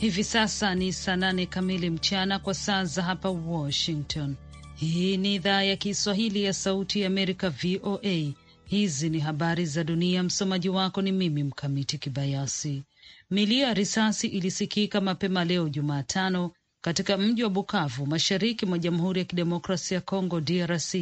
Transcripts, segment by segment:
Hivi sasa ni saa nane kamili mchana kwa saa za hapa Washington. Hii ni idhaa ya Kiswahili ya Sauti ya Amerika, VOA. Hizi ni habari za dunia. Msomaji wako ni mimi Mkamiti Kibayasi. Milio ya risasi ilisikika mapema leo Jumatano katika mji wa Bukavu, mashariki mwa Jamhuri ya Kidemokrasia ya Kongo, DRC,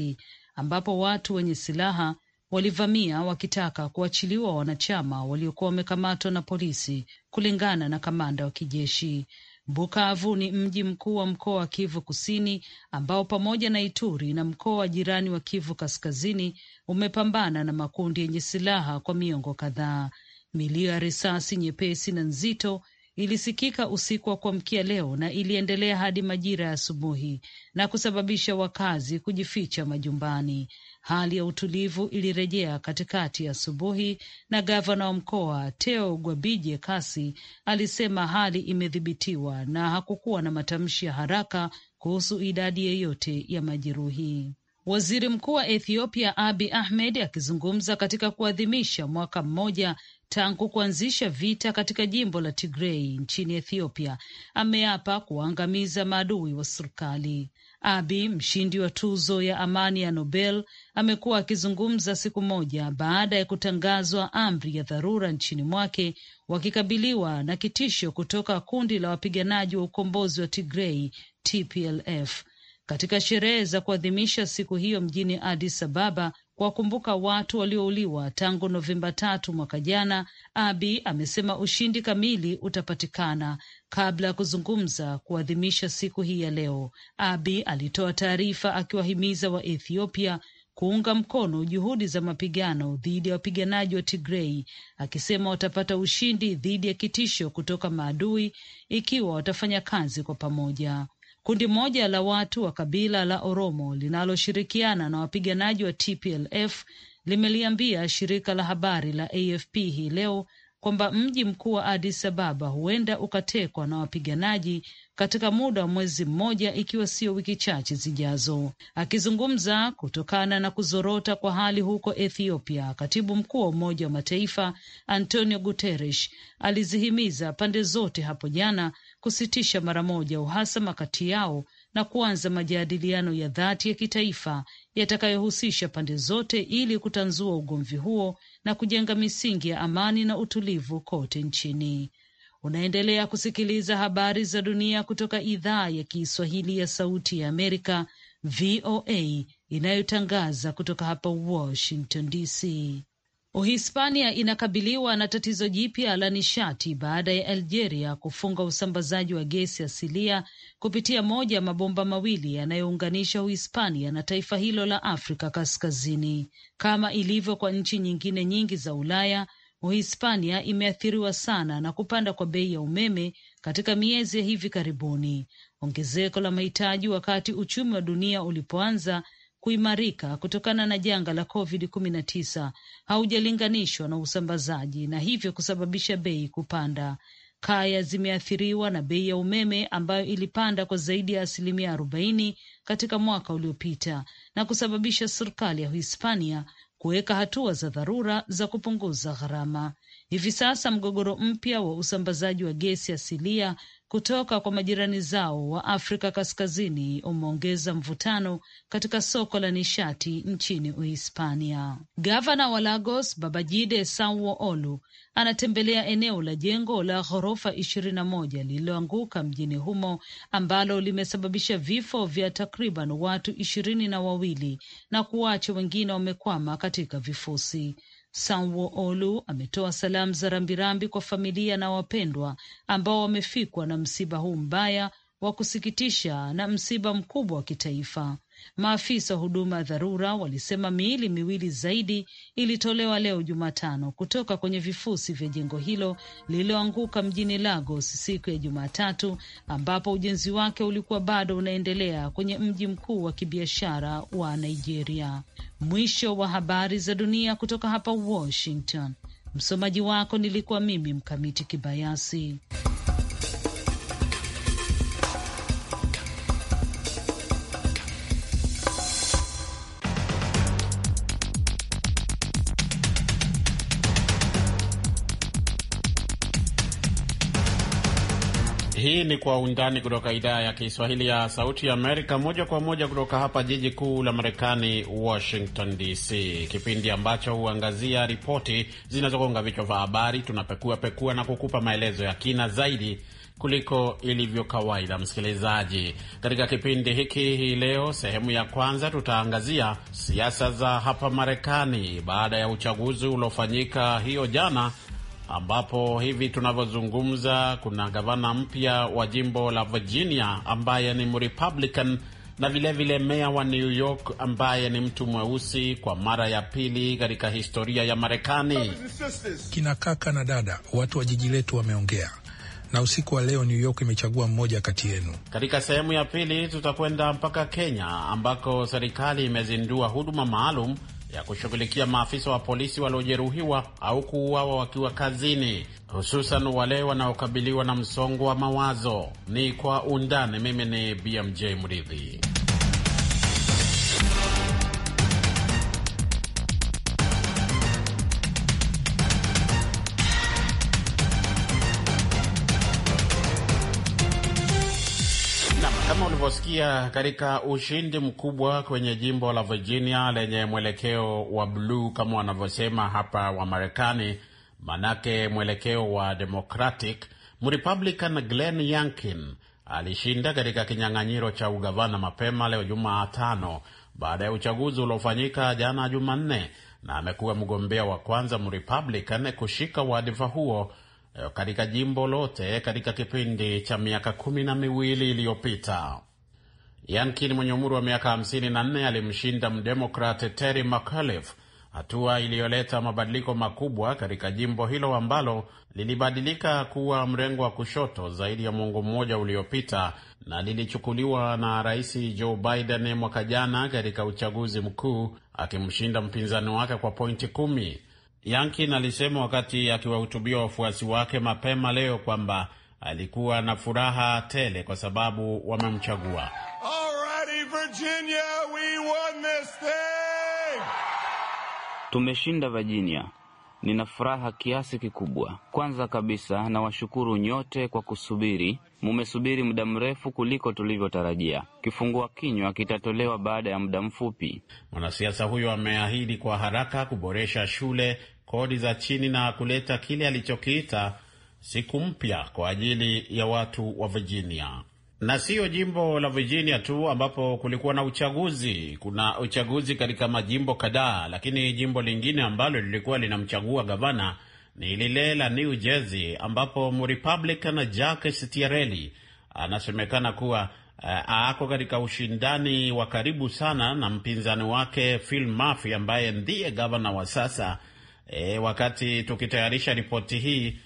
ambapo watu wenye silaha walivamia wakitaka kuachiliwa wanachama waliokuwa wamekamatwa na polisi, kulingana na kamanda wa kijeshi. Bukavu ni mji mkuu wa mkoa wa Kivu Kusini ambao pamoja na Ituri na mkoa wa jirani wa Kivu Kaskazini umepambana na makundi yenye silaha kwa miongo kadhaa. Milio ya risasi nyepesi na nzito ilisikika usiku wa kuamkia leo na iliendelea hadi majira ya asubuhi na kusababisha wakazi kujificha majumbani. Hali ya utulivu ilirejea katikati asubuhi, na gavana wa mkoa Teo Gwabije Kasi alisema hali imedhibitiwa na hakukuwa na matamshi ya haraka kuhusu idadi yeyote ya majeruhi. Waziri Mkuu wa Ethiopia Abi Ahmed akizungumza katika kuadhimisha mwaka mmoja tangu kuanzisha vita katika jimbo la Tigrei nchini Ethiopia ameapa kuwaangamiza maadui wa serikali abi mshindi wa tuzo ya amani ya Nobel, amekuwa akizungumza siku moja baada ya kutangazwa amri ya dharura nchini mwake, wakikabiliwa na kitisho kutoka kundi la wapiganaji wa ukombozi wa Tigrei, TPLF. Katika sherehe za kuadhimisha siku hiyo mjini Addis Ababa, kuwakumbuka watu waliouliwa tangu Novemba tatu mwaka jana. Abi amesema ushindi kamili utapatikana kabla ya kuzungumza kuadhimisha siku hii ya leo. Abi alitoa taarifa akiwahimiza wa Ethiopia kuunga mkono juhudi za mapigano dhidi ya wapiganaji wa Tigrei, akisema watapata ushindi dhidi ya kitisho kutoka maadui ikiwa watafanya kazi kwa pamoja. Kundi moja la watu wa kabila la Oromo linaloshirikiana na wapiganaji wa TPLF limeliambia shirika la habari la AFP hii leo kwamba mji mkuu wa Addis Ababa huenda ukatekwa na wapiganaji katika muda wa mwezi mmoja, ikiwa sio wiki chache zijazo. Akizungumza kutokana na kuzorota kwa hali huko Ethiopia, katibu mkuu wa Umoja wa Mataifa Antonio Guterres alizihimiza pande zote hapo jana kusitisha mara moja uhasama kati yao na kuanza majadiliano ya dhati ya kitaifa yatakayohusisha pande zote ili kutanzua ugomvi huo na kujenga misingi ya amani na utulivu kote nchini. Unaendelea kusikiliza habari za dunia kutoka idhaa ya Kiswahili ya Sauti ya Amerika, VOA, inayotangaza kutoka hapa Washington DC. Uhispania inakabiliwa na tatizo jipya la nishati baada ya Algeria kufunga usambazaji wa gesi asilia kupitia moja ya mabomba mawili yanayounganisha Uhispania na taifa hilo la Afrika Kaskazini. Kama ilivyo kwa nchi nyingine nyingi za Ulaya, Uhispania imeathiriwa sana na kupanda kwa bei ya umeme katika miezi ya hivi karibuni. Ongezeko la mahitaji wakati uchumi wa dunia ulipoanza kuimarika kutokana na janga la COVID-19 haujalinganishwa na usambazaji na hivyo kusababisha bei kupanda. Kaya zimeathiriwa na bei ya umeme ambayo ilipanda kwa zaidi ya asilimia arobaini katika mwaka uliopita na kusababisha serikali ya Hispania kuweka hatua za dharura za kupunguza gharama. Hivi sasa mgogoro mpya wa usambazaji wa gesi asilia kutoka kwa majirani zao wa Afrika Kaskazini umeongeza mvutano katika soko la nishati nchini Uhispania. Gavana wa Lagos Babajide Sanwo-Olu anatembelea eneo la jengo la ghorofa ishirini na moja lililoanguka mjini humo ambalo limesababisha vifo vya takriban watu ishirini na wawili na kuwacha wengine wamekwama katika vifusi. Sanwo-Olu ametoa salamu za rambirambi kwa familia na wapendwa ambao wamefikwa na msiba huu mbaya wa kusikitisha na msiba mkubwa wa kitaifa. Maafisa wa huduma ya dharura walisema miili miwili zaidi ilitolewa leo Jumatano kutoka kwenye vifusi vya jengo hilo lililoanguka mjini Lagos siku ya Jumatatu, ambapo ujenzi wake ulikuwa bado unaendelea kwenye mji mkuu wa kibiashara wa Nigeria. Mwisho wa habari za dunia kutoka hapa Washington. Msomaji wako nilikuwa mimi Mkamiti Kibayasi. Hii ni Kwa Undani kutoka idhaa ya Kiswahili ya Sauti ya Amerika, moja kwa moja kutoka hapa jiji kuu la Marekani, Washington DC, kipindi ambacho huangazia ripoti zinazogonga vichwa vya habari. Tunapekua pekua na kukupa maelezo ya kina zaidi kuliko ilivyo kawaida. Msikilizaji, katika kipindi hiki hii leo, sehemu ya kwanza tutaangazia siasa za hapa Marekani baada ya uchaguzi uliofanyika hiyo jana ambapo hivi tunavyozungumza kuna gavana mpya wa jimbo la Virginia ambaye ni Mrepublican na vilevile meya wa New York ambaye ni mtu mweusi kwa mara ya pili katika historia ya Marekani. Kina kaka na dada, watu wa jiji letu wameongea na usiku wa leo New York imechagua mmoja kati yenu. Katika sehemu ya pili tutakwenda mpaka Kenya ambako serikali imezindua huduma maalum ya kushughulikia maafisa wa polisi waliojeruhiwa au kuuawa wakiwa kazini, hususan wale wanaokabiliwa na msongo wa mawazo. Ni kwa undani. Mimi ni BMJ Mridhi. tulivyosikia katika ushindi mkubwa kwenye jimbo la Virginia lenye mwelekeo wa bluu kama wanavyosema hapa wa Marekani, manake mwelekeo wa Democratic. Mrepublican Glenn Youngkin alishinda katika kinyang'anyiro cha ugavana mapema leo Jumatano baada ya uchaguzi uliofanyika jana Jumanne, na amekuwa mgombea wa kwanza Mrepublican kushika wadhifa huo eh, katika jimbo lote katika kipindi cha miaka kumi na miwili iliyopita. Yankin mwenye umri wa miaka 54 alimshinda mdemokrat Terry McAuliffe, hatua iliyoleta mabadiliko makubwa katika jimbo hilo ambalo lilibadilika kuwa mrengo wa kushoto zaidi ya mwongo mmoja uliopita na lilichukuliwa na Rais Joe Biden mwaka jana katika uchaguzi mkuu, akimshinda mpinzani wake kwa pointi kumi. Yankin alisema wakati akiwahutubia wafuasi wake mapema leo kwamba alikuwa na furaha tele kwa sababu wamemchagua. Tumeshinda Virginia. Nina furaha kiasi kikubwa. Kwanza kabisa nawashukuru nyote kwa kusubiri. Mumesubiri muda mrefu kuliko tulivyotarajia. Kifungua kinywa kitatolewa baada ya muda mfupi. Mwanasiasa huyo ameahidi kwa haraka kuboresha shule, kodi za chini na kuleta kile alichokiita siku mpya kwa ajili ya watu wa Virginia. Na siyo jimbo la Virginia tu ambapo kulikuwa na uchaguzi. Kuna uchaguzi katika majimbo kadhaa, lakini jimbo lingine ambalo lilikuwa linamchagua gavana ni lile la New Jersey ambapo Mrepublican Jack Stiarelli anasemekana kuwa eh, ako katika ushindani wa karibu sana na mpinzani wake Phil Murphy ambaye ndiye gavana wa sasa. E, wakati tukitayarisha ripoti hii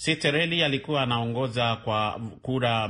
Sitereli alikuwa anaongoza kwa kura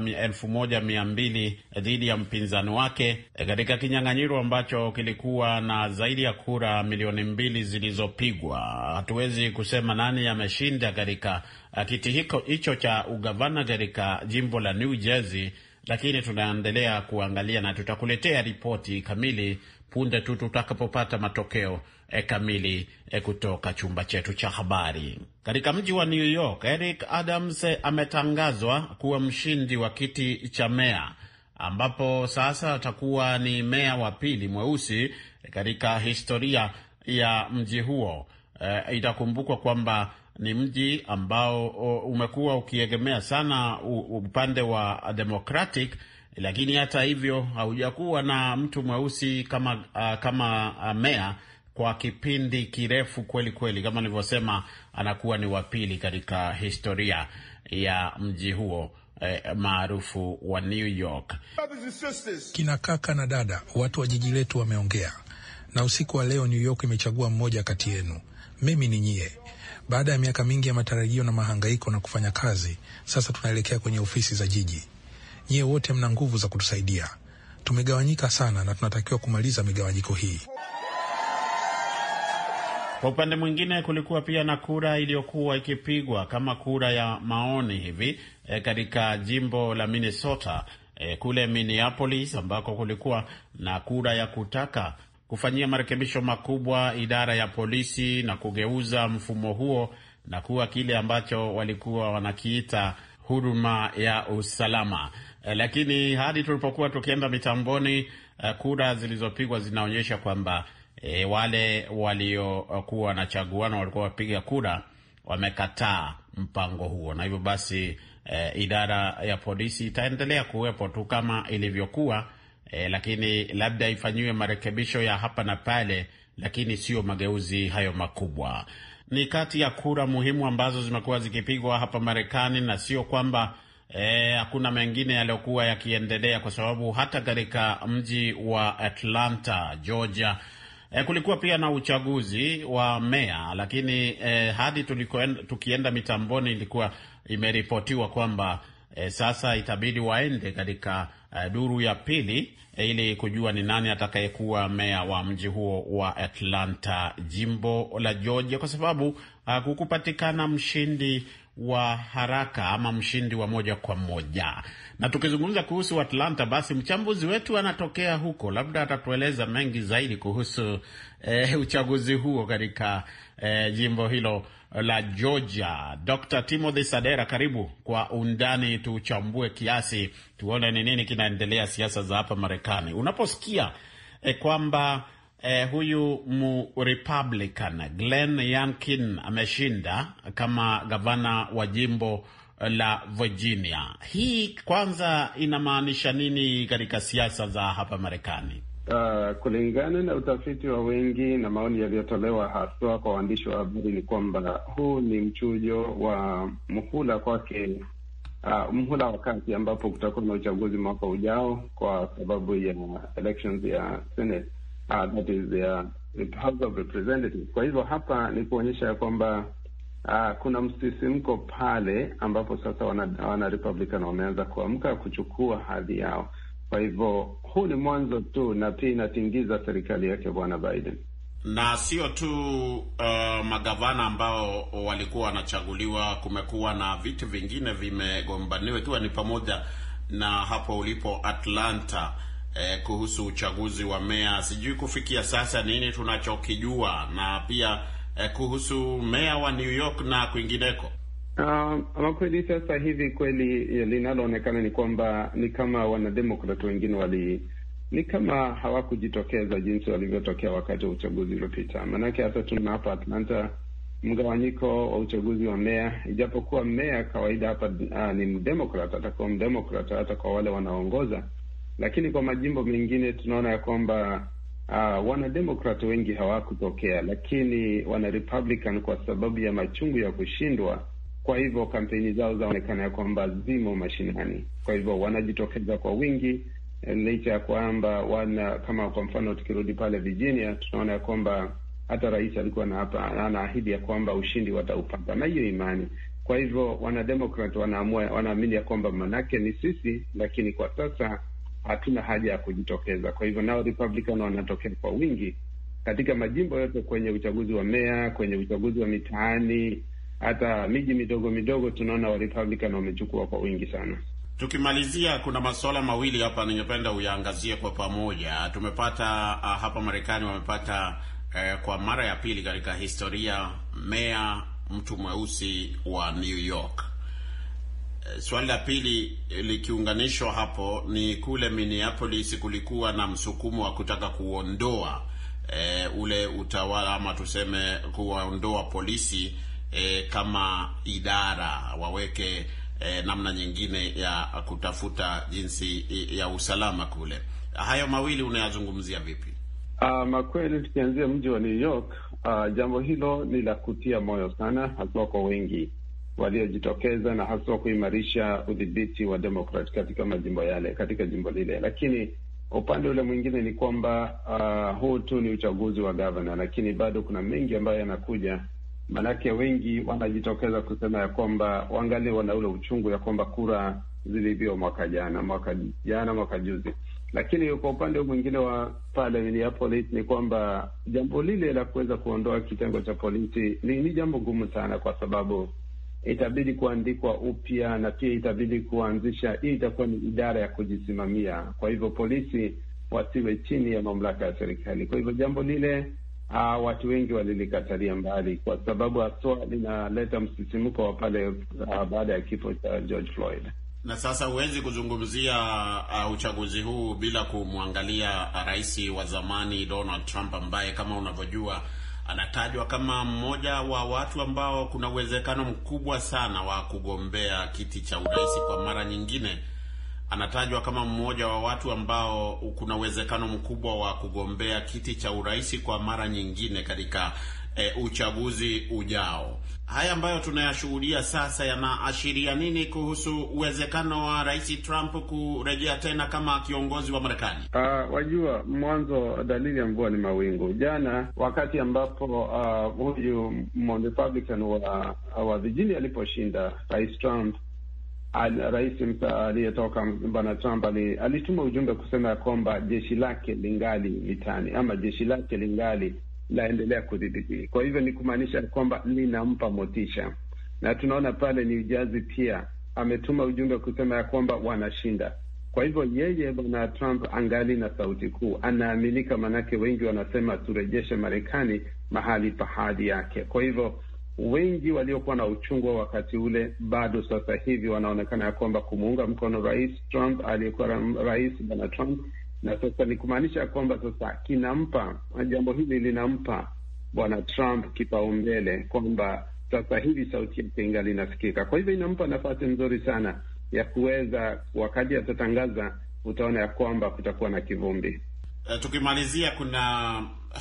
mbili eh, dhidi ya mpinzani wake eh, katika kinyang'anyiro ambacho kilikuwa na zaidi ya kura milioni mbili zilizopigwa. Hatuwezi kusema nani ameshinda katika eh, kiti hicho cha ugavana katika jimbo la New Jersey, lakini tunaendelea kuangalia na tutakuletea ripoti kamili punde tu tutakapopata matokeo e kamili e kutoka chumba chetu cha habari. Katika mji wa New York, Eric Adams eh, ametangazwa kuwa mshindi wa kiti cha meya, ambapo sasa atakuwa ni meya wa pili mweusi katika historia ya mji huo. E, itakumbukwa kwamba ni mji ambao umekuwa ukiegemea sana upande wa Democratic lakini hata hivyo haujakuwa na mtu mweusi kama, uh, kama uh, meya kwa kipindi kirefu kweli kweli. Kama nilivyosema, anakuwa ni wa pili katika historia ya mji huo eh, maarufu wa New York. Kina kaka na dada, watu wa jiji letu wameongea, na usiku wa leo New York imechagua mmoja kati yenu. Mimi ni nyie. Baada ya miaka mingi ya matarajio na mahangaiko na kufanya kazi, sasa tunaelekea kwenye ofisi za jiji. Nyie wote mna nguvu za kutusaidia. Tumegawanyika sana na tunatakiwa kumaliza migawanyiko hii. Kwa upande mwingine, kulikuwa pia na kura iliyokuwa ikipigwa kama kura ya maoni hivi e, katika jimbo la Minnesota e, kule Minneapolis ambako kulikuwa na kura ya kutaka kufanyia marekebisho makubwa idara ya polisi na kugeuza mfumo huo na kuwa kile ambacho walikuwa wanakiita huduma ya usalama eh, lakini hadi tulipokuwa tukienda mitamboni, eh, kura zilizopigwa zinaonyesha kwamba eh, wale waliokuwa wanachaguana walikuwa wapiga kura wamekataa mpango huo, na hivyo basi eh, idara ya polisi itaendelea kuwepo tu kama ilivyokuwa eh, lakini labda ifanyiwe marekebisho ya hapa na pale, lakini sio mageuzi hayo makubwa. Ni kati ya kura muhimu ambazo zimekuwa zikipigwa hapa Marekani, na sio kwamba E, hakuna e, mengine yaliyokuwa yakiendelea kwa sababu hata katika mji wa Atlanta, Georgia E, kulikuwa pia na uchaguzi wa meya lakini e, hadi tulikoenda, tukienda mitamboni ilikuwa imeripotiwa kwamba e, sasa itabidi waende katika e, duru ya pili e, ili kujua ni nani atakayekuwa meya wa mji huo wa Atlanta, jimbo la Georgia, kwa sababu e, kukupatikana mshindi wa haraka ama mshindi wa moja kwa moja. Na tukizungumza kuhusu Atlanta, basi mchambuzi wetu anatokea huko, labda atatueleza mengi zaidi kuhusu eh, uchaguzi huo katika eh, jimbo hilo la Georgia. Dr. Timothy Sadera, karibu kwa undani, tuchambue kiasi, tuone ni nini kinaendelea siasa za hapa Marekani. Unaposikia eh, kwamba eh, huyu Republican Glenn Youngkin ameshinda kama gavana wa jimbo eh, la Virginia. Hii kwanza inamaanisha nini katika siasa za hapa Marekani? Uh, kulingana na utafiti wa wengi na maoni yaliyotolewa haswa kwa waandishi wa habari ni kwamba huu ni mchujo wa mhula kwake, uh, ah, mhula wakati ambapo kutakuwa na uchaguzi mwaka ujao kwa sababu ya elections ya Senate uh, that is their uh, House of Representatives. Kwa hivyo hapa ni kuonyesha ya kwamba uh, kuna msisimko pale ambapo sasa wana, wana Republican wameanza kuamka kuchukua hadhi yao. Kwa hivyo huu ni mwanzo tu, na pia inatingiza serikali yake bwana Biden na sio tu uh, magavana ambao walikuwa wanachaguliwa. Kumekuwa na vitu vingine vimegombaniwa, ikiwa ni pamoja na hapo ulipo Atlanta eh, kuhusu uchaguzi wa meya. Sijui kufikia sasa nini tunachokijua na pia eh, kuhusu meya wa New York na kwingineko. Uh, ama kweli sasa hivi kweli eh, linaloonekana ni kwamba ni kama wanademokrat wengine wali ni kama hawakujitokeza jinsi walivyotokea wakati wa uchaguzi uliopita. Maanake hata tuna hapa Atlanta mgawanyiko wa uchaguzi wa meya, ijapokuwa meya kawaida hapa uh, ni mdemokrat, atakuwa mdemokrat hata kwa wale wanaoongoza lakini kwa majimbo mengine tunaona ya kwamba uh, wanademokrat wengi hawakutokea, lakini wanarepublican kwa sababu ya machungu ya kushindwa, kwa hivyo kampeni zao zaonekana ya kwamba zimo mashinani, kwa hivyo wanajitokeza kwa wingi eh, licha ya kwamba wana kama kwa mfano tukirudi pale Virginia tunaona ya kwamba hata rais alikuwa na hapa anaahidi ya kwamba ushindi wataupata na hiyo imani. Kwa hivyo wanademokrat wanaamua, wanaamini ya kwamba manake ni sisi, lakini kwa sasa hatuna haja ya kujitokeza. Kwa hivyo nao Republican wanatokea kwa wingi katika majimbo yote, kwenye uchaguzi wa meya, kwenye uchaguzi wa mitaani, hata miji midogo midogo, tunaona wa Republican wamechukua kwa wingi sana. Tukimalizia, kuna masuala mawili hapa ningependa uyaangazie kwa pamoja. Tumepata ah, hapa Marekani wamepata eh, kwa mara ya pili katika historia meya mtu mweusi wa New York Eh, swali la pili eh, likiunganishwa hapo ni kule Minneapolis, kulikuwa na msukumo wa kutaka kuondoa e, ule utawala ama tuseme kuwaondoa polisi e, kama idara waweke e, namna nyingine ya kutafuta jinsi ya usalama kule. Hayo mawili unayazungumzia vipi? Ah, Makweli tukianzia mji wa New York, uh, jambo hilo ni la kutia moyo sana, haswa kwa wengi waliojitokeza na haswa kuimarisha udhibiti wa Demokrat katika majimbo yale, katika jimbo lile. Lakini upande ule mwingine ni kwamba uh, huu tu ni uchaguzi wa gavana, lakini bado kuna mengi ambayo yanakuja, maanake wengi wanajitokeza kusema ya kwamba wangali wana ule uchungu ya kwamba kura zilivyo mwaka jana, mwaka jana, mwaka juzi. Lakini kwa upande mwingine wa pale Minneapolis ni kwamba jambo lile la kuweza kuondoa kitengo cha polisi ni, ni jambo gumu sana kwa sababu itabidi kuandikwa upya na pia itabidi kuanzisha, hii itakuwa ni idara ya kujisimamia. Kwa hivyo polisi wasiwe chini ya mamlaka ya serikali. Kwa hivyo jambo lile Uh, watu wengi walilikatalia mbali kwa sababu haswa linaleta msisimko wa pale uh, baada ya kifo cha George Floyd. Na sasa huwezi kuzungumzia uh, uchaguzi huu bila kumwangalia rais wa zamani Donald Trump ambaye kama unavyojua anatajwa kama mmoja wa watu ambao kuna uwezekano mkubwa sana wa kugombea kiti cha urais kwa mara nyingine. Anatajwa kama mmoja wa watu ambao kuna uwezekano mkubwa wa kugombea kiti cha urais kwa mara nyingine katika e, uchaguzi ujao. Haya ambayo tunayashuhudia sasa yanaashiria nini kuhusu uwezekano wa Rais Trump kurejea tena kama kiongozi wa Marekani? Uh, wajua, mwanzo dalili ya mvua ni mawingu. Jana wakati ambapo uh, huyu Mrepublican wa, wa Virginia aliposhinda Rais Trump Al, rais mta aliyetoka bwana Trump ali, alituma ujumbe kusema ya kwamba jeshi lake lingali vitani ama jeshi lake lingali laendelea kudhibiti. Kwa hivyo ni kumaanisha kwamba linampa motisha, na tunaona pale ni ujazi pia ametuma ujumbe wa kusema ya kwamba wanashinda. Kwa hivyo yeye, bwana Trump angali na sauti kuu, anaaminika, maanake wengi wanasema turejeshe Marekani mahali pa hadhi yake. Kwa hivyo wengi waliokuwa na uchungu wa wakati ule bado sasa hivi wanaonekana ya kwamba kumuunga mkono rais Trump, aliyekuwa rais bwana Trump na sasa ni kumaanisha kwamba sasa kinampa jambo hili linampa bwana Trump kipaumbele kwamba sasa hivi sauti yake ingali inasikika. Kwa hivyo inampa nafasi nzuri sana ya kuweza, wakati atatangaza, utaona ya kwamba kutakuwa na kivumbi. Eh, tukimalizia, kuna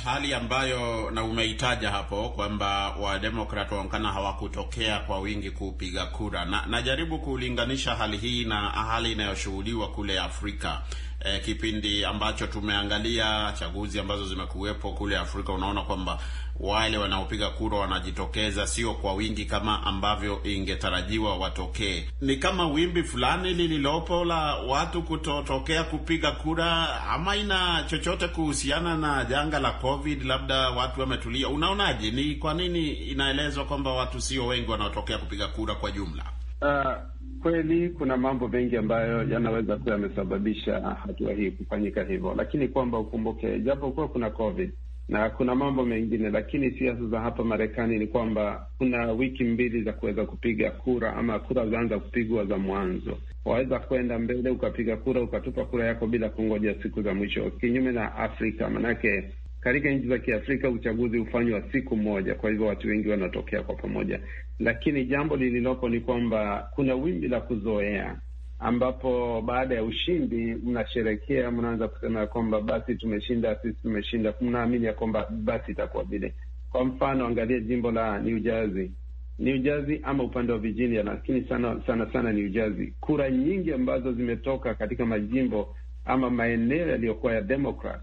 hali ambayo na umeitaja hapo kwamba Wademokrat waonekana hawakutokea kwa wingi kupiga kura, na najaribu kulinganisha hali hii na hali inayoshuhudiwa kule Afrika eh, kipindi ambacho tumeangalia chaguzi ambazo zimekuwepo kule Afrika, unaona kwamba wale wanaopiga kura wanajitokeza sio kwa wingi kama ambavyo ingetarajiwa watokee. Ni kama wimbi fulani lililopo la watu kutotokea kupiga kura, ama ina chochote kuhusiana na janga la Covid? Labda watu wametulia. Unaonaje, ni kwa nini inaelezwa kwamba watu sio wengi wanaotokea kupiga kura kwa jumla? Uh... Kweli kuna mambo mengi ambayo yanaweza kuwa yamesababisha hatua hii kufanyika hivyo, lakini kwamba ukumbuke, japo kuna COVID na kuna mambo mengine, lakini siasa za hapa Marekani ni kwamba kuna wiki mbili za kuweza kupiga kura, ama kura zaanza kupigwa za mwanzo. Waweza kwenda mbele ukapiga kura ukatupa kura yako bila kungoja siku za mwisho, kinyume na Afrika. Manake katika nchi za Kiafrika uchaguzi hufanywa siku moja, kwa hivyo watu wengi wanatokea kwa pamoja, lakini jambo lililopo ni kwamba kuna wimbi la kuzoea ambapo baada ya ushindi mnasherekea, mnaanza kusema ya kwamba basi tumeshinda, sisi tumeshinda, mnaamini ya kwamba basi itakuwa vile. Kwa mfano, angalia jimbo la New Jersey, New Jersey ama upande wa Virginia, lakini sana sana sana New Jersey, kura nyingi ambazo zimetoka katika majimbo ama maeneo yaliyokuwa ya Democrat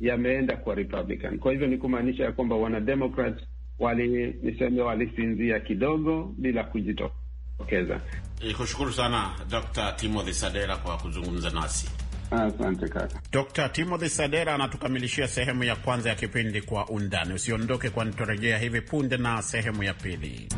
yameenda kwa Republican. Kwa hivyo ni kumaanisha ya kwamba wanademokrat wali niseme walisinzia kidogo bila kujitokeza. Nikushukuru eh, sana Dr. Timothy Sadera kwa kuzungumza nasi. Asante kaka. Dr. Timothy Sadera anatukamilishia sehemu ya kwanza ya kipindi kwa undani. Usiondoke kwani tutarejea hivi punde na sehemu ya pili.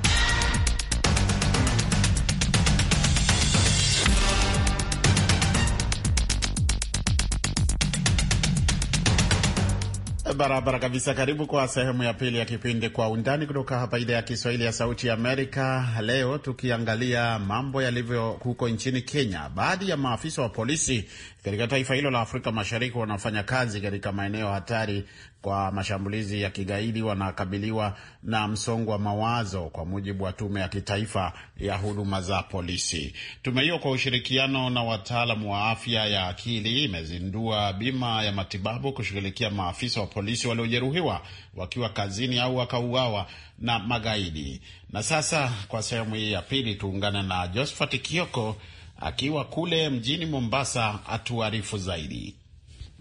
barabara kabisa. Karibu kwa sehemu ya pili ya kipindi Kwa Undani kutoka hapa idhaa ya Kiswahili ya Sauti ya Amerika, leo tukiangalia mambo yalivyo huko nchini Kenya. Baadhi ya maafisa wa polisi katika taifa hilo la Afrika Mashariki wanafanya kazi katika maeneo hatari kwa mashambulizi ya kigaidi wanakabiliwa na msongo wa mawazo, kwa mujibu wa Tume ya Kitaifa ya Huduma za Polisi. Tume hiyo kwa ushirikiano na wataalamu wa afya ya akili imezindua bima ya matibabu kushughulikia maafisa wa polisi waliojeruhiwa wakiwa kazini au wakauawa na magaidi. Na sasa kwa sehemu hii ya pili tuungane na Josphat Kioko akiwa kule mjini Mombasa atuarifu zaidi.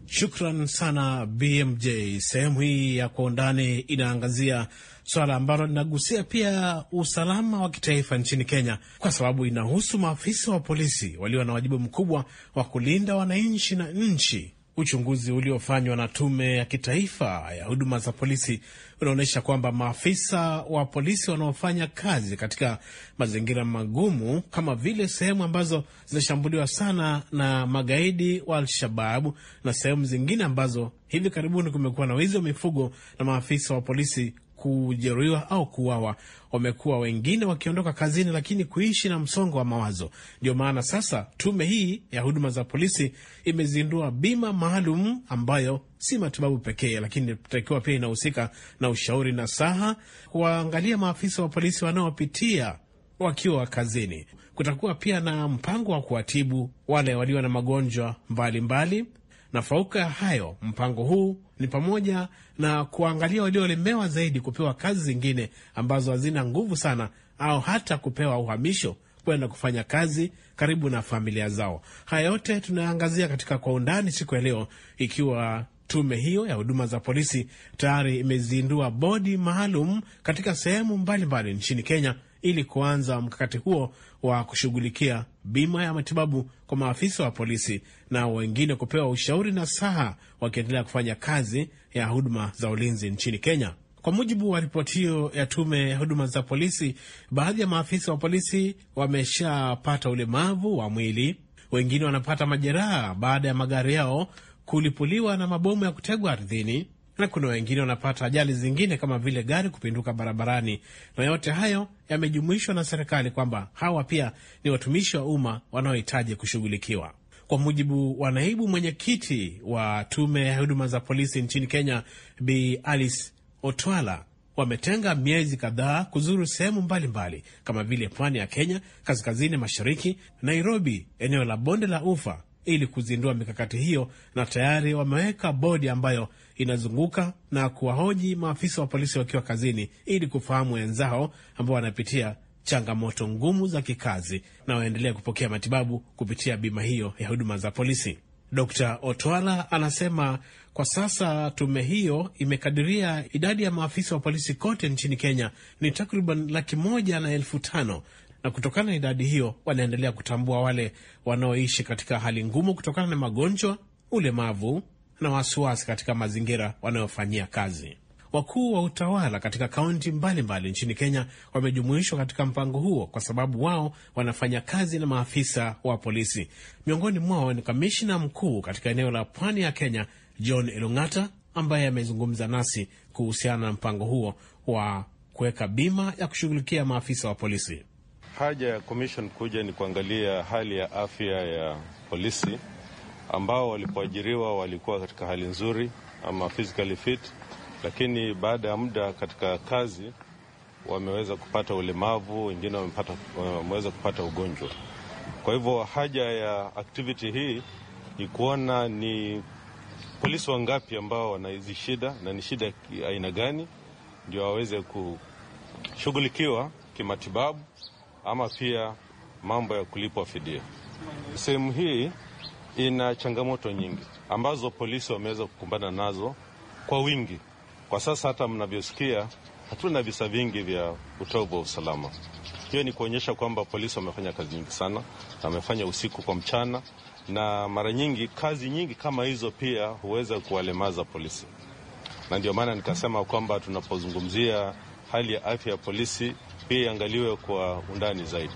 Shukran sana BMJ. Sehemu hii ya kwa undani inaangazia swala ambalo linagusia pia usalama wa kitaifa nchini Kenya, kwa sababu inahusu maafisa wa polisi walio na wajibu mkubwa wa kulinda wananchi na nchi Uchunguzi uliofanywa na Tume ya Kitaifa ya Huduma za Polisi unaonyesha kwamba maafisa wa polisi wanaofanya kazi katika mazingira magumu kama vile sehemu ambazo zinashambuliwa sana na magaidi wa Al-Shabaab na sehemu zingine ambazo hivi karibuni kumekuwa na wizi wa mifugo na maafisa wa polisi kujeruhiwa au kuuawa, wamekuwa wengine wakiondoka kazini, lakini kuishi na msongo wa mawazo. Ndio maana sasa tume hii ya huduma za polisi imezindua bima maalum ambayo si matibabu pekee, lakini takiwa pia inahusika na ushauri na saha, kuwaangalia maafisa wa polisi wanaopitia wakiwa kazini. Kutakuwa pia na mpango wa kuwatibu wale walio na magonjwa mbalimbali mbali na fauka ya hayo, mpango huu ni pamoja na kuangalia waliolemewa zaidi kupewa kazi zingine ambazo hazina nguvu sana au hata kupewa uhamisho kwenda kufanya kazi karibu na familia zao. Haya yote tunaangazia katika kwa undani siku ya leo, ikiwa tume hiyo ya huduma za polisi tayari imezindua bodi maalum katika sehemu mbalimbali nchini Kenya ili kuanza mkakati huo wa kushughulikia bima ya matibabu kwa maafisa wa polisi na wengine kupewa ushauri na saha wakiendelea kufanya kazi ya huduma za ulinzi nchini Kenya. Kwa mujibu wa ripoti hiyo ya tume ya huduma za polisi, baadhi ya maafisa wa polisi wameshapata ulemavu wa mwili, wengine wanapata majeraha baada ya magari yao kulipuliwa na mabomu ya kutegwa ardhini na kuna wengine wanapata ajali zingine kama vile gari kupinduka barabarani, na yote hayo yamejumuishwa na serikali kwamba hawa pia ni watumishi wa umma wanaohitaji kushughulikiwa. Kwa mujibu wa naibu mwenyekiti wa tume ya huduma za polisi nchini Kenya, Bi Alice Otwala, wametenga miezi kadhaa kuzuru sehemu mbalimbali kama vile pwani ya Kenya, kaskazini mashariki, Nairobi, eneo la bonde la Ufa, ili kuzindua mikakati hiyo, na tayari wameweka bodi ambayo inazunguka na kuwahoji maafisa wa polisi wakiwa kazini ili kufahamu wenzao ambao wanapitia changamoto ngumu za kikazi na waendelea kupokea matibabu kupitia bima hiyo ya huduma za polisi. Dr. Otwala anasema kwa sasa tume hiyo imekadiria idadi ya maafisa wa polisi kote nchini Kenya ni takriban laki moja na elfu tano na kutokana na idadi hiyo wanaendelea kutambua wale wanaoishi katika hali ngumu kutokana na magonjwa, ulemavu na wasiwasi katika mazingira wanayofanyia kazi. Wakuu wa utawala katika kaunti mbalimbali nchini Kenya wamejumuishwa katika mpango huo kwa sababu wao wanafanya kazi na maafisa wa polisi. Miongoni mwao ni kamishna mkuu katika eneo la pwani ya Kenya, John Elung'ata, ambaye amezungumza nasi kuhusiana na mpango huo wa kuweka bima ya kushughulikia maafisa wa polisi. Haja ya commission kuja ni kuangalia hali ya afya ya polisi ambao walipoajiriwa walikuwa katika hali nzuri ama physically fit, lakini baada ya muda katika kazi wameweza kupata ulemavu, wengine wamepata, wameweza kupata ugonjwa. Kwa hivyo haja ya activity hii ni kuona ni polisi wangapi ambao wanahizi shida na ni shida aina gani, ndio waweze kushughulikiwa kimatibabu ama pia mambo ya kulipwa fidia. Sehemu hii ina changamoto nyingi ambazo polisi wameweza kukumbana nazo kwa wingi. Kwa sasa hata mnavyosikia, hatuna visa vingi vya utovu wa usalama. Hiyo ni kuonyesha kwamba polisi wamefanya kazi nyingi sana, na wamefanya usiku kwa mchana, na mara nyingi kazi nyingi kama hizo pia huweza kuwalemaza polisi, na ndio maana nikasema kwamba tunapozungumzia hali ya afya ya polisi pia iangaliwe kwa undani zaidi.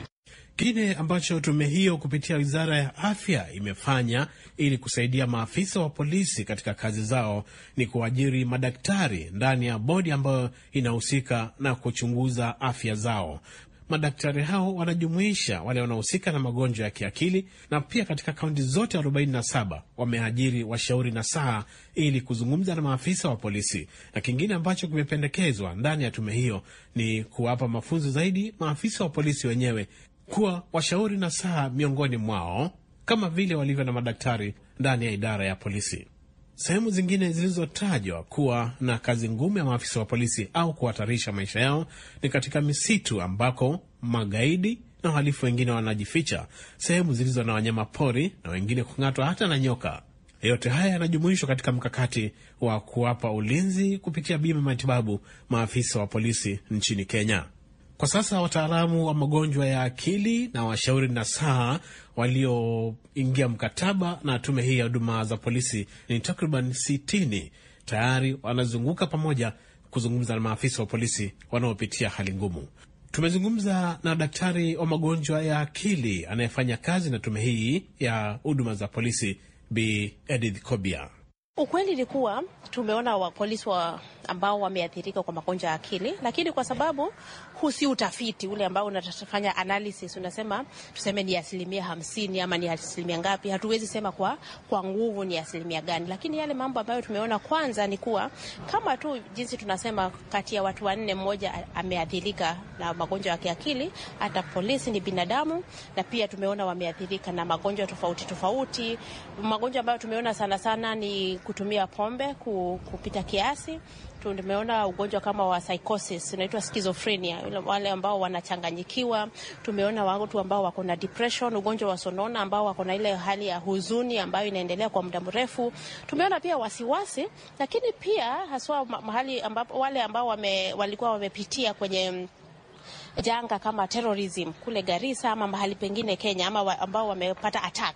Kile ambacho tume hiyo kupitia wizara ya afya imefanya ili kusaidia maafisa wa polisi katika kazi zao ni kuajiri madaktari ndani ya bodi ambayo inahusika na kuchunguza afya zao. Madaktari hao wanajumuisha wale wanaohusika na magonjwa ya kiakili, na pia katika kaunti zote 47 wameajiri washauri na saa ili kuzungumza na maafisa wa polisi. Na kingine ambacho kimependekezwa ndani ya tume hiyo ni kuwapa mafunzo zaidi maafisa wa polisi wenyewe kuwa washauri na saa miongoni mwao kama vile walivyo na madaktari ndani ya idara ya polisi. Sehemu zingine zilizotajwa kuwa na kazi ngumu ya maafisa wa polisi au kuhatarisha maisha yao ni katika misitu ambako magaidi na wahalifu wengine wanajificha, sehemu zilizo na wanyama pori na wengine kung'atwa hata na nyoka. Yote haya yanajumuishwa katika mkakati wa kuwapa ulinzi kupitia bima matibabu maafisa wa polisi nchini Kenya. Kwa sasa wataalamu wa magonjwa ya akili na washauri nasaha walioingia mkataba na tume hii ya huduma za polisi ni takriban sitini tayari wanazunguka pamoja kuzungumza na maafisa wa polisi wanaopitia hali ngumu. Tumezungumza na daktari wa magonjwa ya akili anayefanya kazi na tume hii ya huduma za polisi, Bi Edith Kobia. Ukweli ni kuwa tumeona wapolisi wa ambao wameathirika kwa magonjwa ya akili, lakini kwa sababu huu si utafiti ule ambao unafanya analysis, unasema tuseme ni asilimia hamsini ama ni asilimia ngapi. Hatuwezi sema kwa, kwa nguvu ni asilimia gani, lakini yale mambo ambayo tumeona kwanza ni kuwa kama tu jinsi tunasema kati ya watu wanne mmoja ameathirika na magonjwa ya kiakili. Hata polisi ni binadamu, na pia tumeona wameathirika na magonjwa tofauti tofauti. Magonjwa ambayo tumeona sana sana ni kutumia pombe kupita kiasi watu tumeona ugonjwa kama wa psychosis inaitwa schizophrenia, wale ambao wanachanganyikiwa. Tumeona watu ambao wako na depression, ugonjwa wa sonona, ambao wako na ile hali ya huzuni ambayo inaendelea kwa muda mrefu. Tumeona pia wasiwasi, lakini pia haswa mahali ambapo wale ambao wame, walikuwa wamepitia kwenye mm, janga kama terrorism kule Garissa ama mahali pengine Kenya ama wa, ambao wamepata attack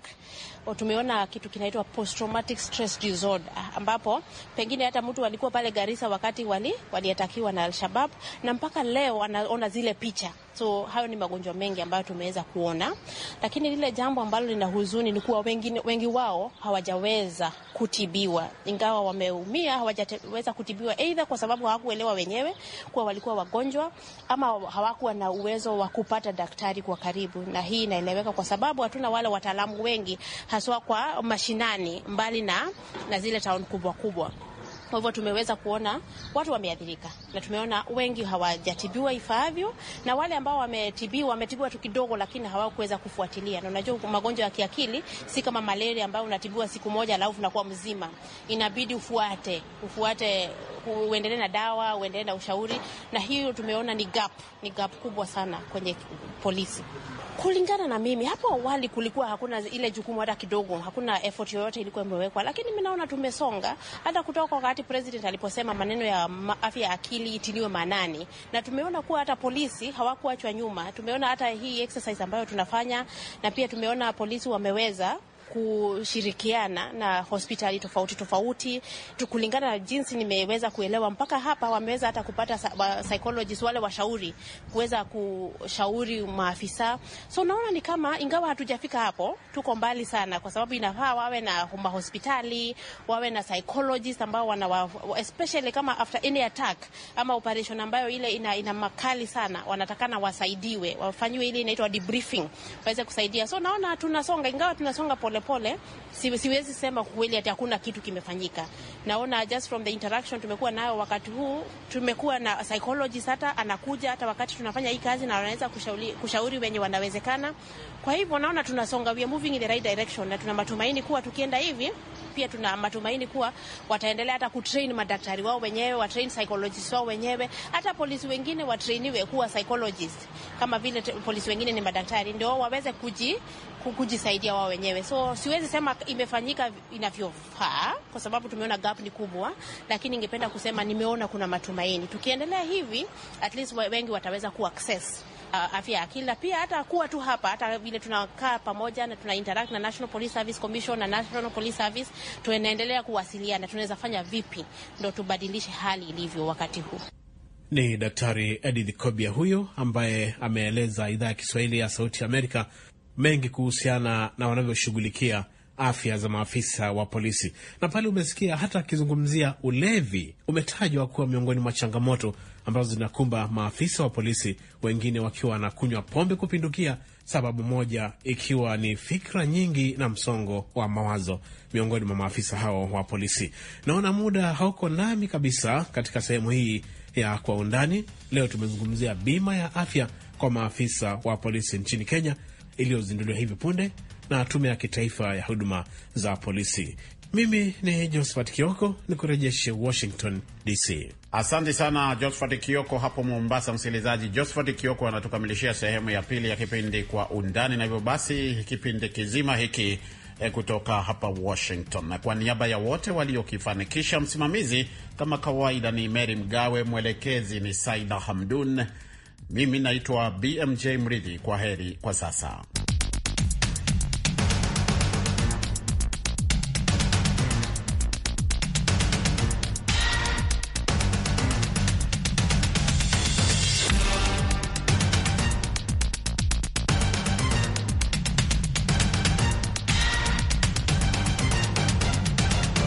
tumeona kitu kinaitwa post traumatic stress disorder, ambapo pengine hata mtu alikuwa pale Garissa wakati wali waliatakiwa na Alshabab na mpaka leo anaona zile picha. So hayo ni magonjwa mengi ambayo tumeweza kuona, lakini lile jambo ambalo lina huzuni ni kuwa wengi, wengi wao hawajaweza kutibiwa, ingawa wameumia, hawajaweza kutibiwa aidha kwa sababu hawakuelewa wenyewe kuwa walikuwa wagonjwa ama hawakuwa na uwezo wa kupata daktari kwa karibu, na hii inaeleweka kwa sababu hatuna wale wataalamu wengi haswa kwa mashinani, mbali na, na zile town kubwa kubwa. Kwa hivyo tumeweza kuona watu wameathirika, na tumeona wengi hawajatibiwa ifaavyo, na wale ambao wametibiwa wametibiwa tu kidogo, lakini hawakuweza kufuatilia. Na unajua magonjwa ya kiakili si kama malaria ambayo unatibiwa siku moja alafu unakuwa mzima, inabidi ufuate ufuate, uendelee na dawa, uendelee na ushauri, na hiyo tumeona ni gap, ni gap kubwa sana kwenye polisi. Kulingana na mimi, hapo awali kulikuwa hakuna ile jukumu hata kidogo, hakuna effort yoyote ilikuwa imewekwa, lakini mimi naona tumesonga, hata kutoka wakati president aliposema maneno ya afya ya akili itiliwe maanani, na tumeona kuwa hata polisi hawakuachwa nyuma. Tumeona hata hii exercise ambayo tunafanya, na pia tumeona polisi wameweza kushirikiana na hospitali tofauti tofauti. Kulingana na jinsi nimeweza kuelewa mpaka hapa, wameweza hata kupata psychologists wale washauri kuweza kushauri maafisa. So naona ni kama ingawa hatujafika hapo, tuko mbali sana, kwa sababu inafaa wawe na mahospitali, wawe na psychologists ambao wana especially kama after any attack ama operation ambayo ile ina, ina makali sana, wanatakana wasaidiwe, wafanyiwe ile inaitwa debriefing, waweze kusaidia. So naona tunasonga, ingawa tunasonga pole polepole, si, siwezi sema kweli ati hakuna kitu kimefanyika. Naona just from the interaction tumekuwa nayo wakati huu, tumekuwa na psychologist hata anakuja hata wakati tunafanya hii kazi, na anaweza kushauri, kushauri wenye wanawezekana. Kwa hivyo naona tunasonga, we are moving in the right direction, na tuna matumaini kuwa tukienda hivi pia tuna matumaini kuwa wataendelea hata kutrain madaktari wao wenyewe, watrain psychologists wao wenyewe, hata polisi wengine watrainiwe kuwa psychologist, kama vile polisi wengine ni madaktari, ndio waweze kuji, kujisaidia wao wenyewe so siwezi sema imefanyika inavyofaa kwa sababu tumeona gap ni kubwa, lakini ningependa kusema nimeona kuna matumaini. Tukiendelea hivi, at least wengi wataweza ku access Uh, afya ya akili na pia hata kuwa tu hapa, hata vile tunakaa pamoja na tuna interact na National Police Service Commission na National Police Service, tunaendelea kuwasiliana, tunaweza fanya vipi ndo tubadilishe hali ilivyo wakati huu. Ni Daktari Edith Kobia huyo ambaye ameeleza idhaa ya Kiswahili ya Sauti Amerika mengi kuhusiana na wanavyoshughulikia afya za maafisa wa polisi, na pale umesikia hata akizungumzia ulevi umetajwa kuwa miongoni mwa changamoto ambazo zinakumba maafisa wa polisi, wengine wakiwa wanakunywa pombe kupindukia, sababu moja ikiwa ni fikra nyingi na msongo wa mawazo miongoni mwa maafisa hao wa polisi. Naona muda hauko nami kabisa katika sehemu hii ya Kwa Undani. Leo tumezungumzia bima ya afya kwa maafisa wa polisi nchini Kenya iliyozinduliwa hivi punde na Tume ya Kitaifa ya Huduma za Polisi. Mimi ni Josephat Kioko, ni kurejeshe Washington DC. Asante sana Josephat Kioko hapo Mombasa. Msikilizaji, Josephat Kioko anatukamilishia sehemu ya pili ya kipindi Kwa Undani, na hivyo basi kipindi kizima hiki eh, kutoka hapa Washington, na kwa niaba ya wote waliokifanikisha, msimamizi kama kawaida ni Mary Mgawe, mwelekezi ni Saida Hamdun. Mimi naitwa BMJ Mridhi. Kwa heri kwa sasa.